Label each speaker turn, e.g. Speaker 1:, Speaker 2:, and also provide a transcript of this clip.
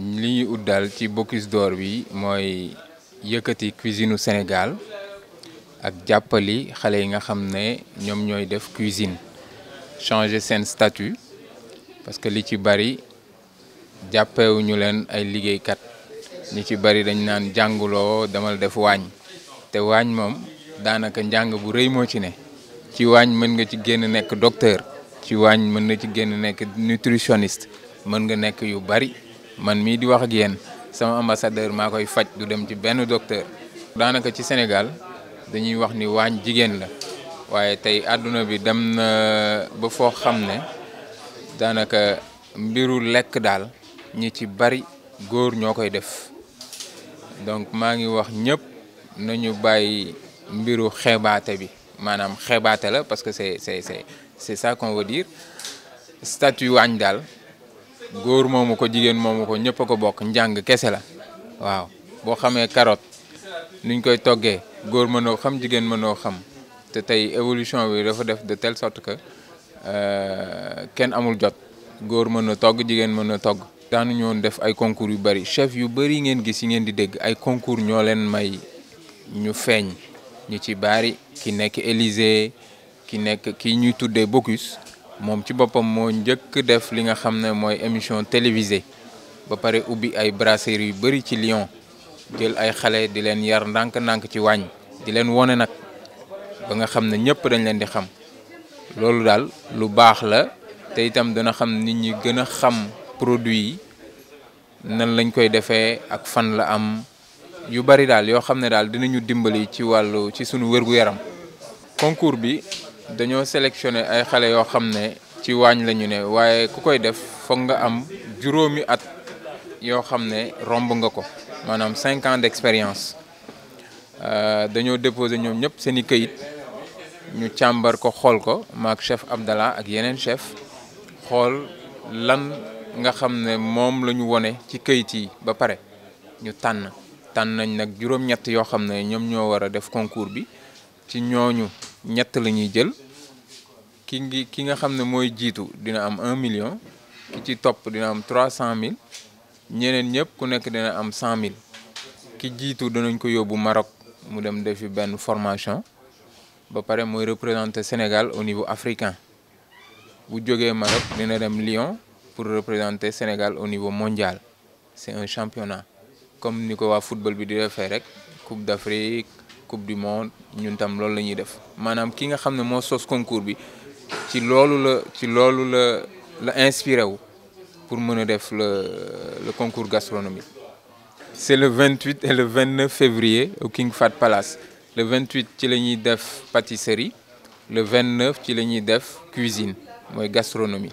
Speaker 1: li ñuy daal ci Bocuse d'Or bi mooy yëkkati cuisine u ak jàppali xale yi nga xam ne ñoom ñooy def kuisine changer seen statut parce que li ci bari jàppewuñu leen ay liggéeykat ñi ci bari dañ naan jànguloo demal def waañ te waañ moom daanaka njàng bu rëy moo ci ne ci waañ mën nga ci génn nekk docteur ci waañ mën na ci génn nekk nutritionniste mën nga nekk yu bari man mii di wax ak yéen sama ambassadeur maa koy faj du dem ci benn docteur. daanaka ci Sénégal dañuy wax ni waañ jigéen la waaye tey àdduna bi dem na ba foo xam ne daanaka mbiru lekk daal ñi ci bari góor ñoo koy def donc maa ngi wax ñëpp nañu bàyyi mbiru xeebaate bi maanaam xeebaate la parce que c'est c'est c'est ça qu'on veut dire statut waañ daal. góor moomu ko jigéen moomu ko ñëpp ko bokk njàng kese la waaw boo xamee carotte nuñ koy toggee góor mënoo xam jigéen mënoo xam te tey évolution bi dafa def de telle sorte que euh, kenn amul jot góor mën na togg jigéen mën na togg. daanu ñoon def ay concours yu bëri chef yu bëri ngeen gis yi ngeen di dégg ay concours ñoo leen may ñu feeñ ñu ci baari ki nekk Élysée ki nekk ki ñuy tuddee Bocuse. moom ci boppam moo njëkk def li nga xam ne émission télévisée ba pare ubi ay brasserie yu bëri ci Lyon jël ay xalé di len yar ndànk-ndànk ci wàññ di len woné nak ba nga xamné ñëpp dañ leen di xam loolu dal lu baax la té itam dana xam nit ñi gëna a xam produit nan lañ koy défé ak fan la am yu bari dal yo xamné dal dinañu dimbali ci walu ci suñu wërgu yaram concours bi dañoo sélectionné ay xale yoo xam ne ci waañ lañu ne waaye ku koy def foog nga am juróomi at yoo xam ne romb nga ko maanaam cinq ans d'expérience euh, dañoo déposé ñoom ñëpp seen i këyit ñu càmbar ko xool ko ak chef Abdallah ak yeneen chef xool lan nga xam ne moom la ñu wone ci kayit yi ba pare ñu tànn tànn nañ nag juróom-ñett yoo xam ne ñoom ñoo war a def concours bi ci ñooñu ñett lañuy jël ki ki ne dina am 1 million ki ci topp dina am 300000 ñeneen ñëpp ku nekk dina am 100000 ki Maroc mu dem defi formation ba pare Sénégal au niveau africain bu Maroc dina dem Lyon pour représenter Sénégal au niveau mondial c'est un championnat comme ni football bi di Coupe d'Afrique coupe du monde ñun tam loolu la def maanaam ki nga sos concours bi ci loolu la ci pour mën le concours gastronomique. c'est le 28 et le 29 février au King Fat Palace le 28 ci def pâtisserie le 29 ci cuisine gastronomie.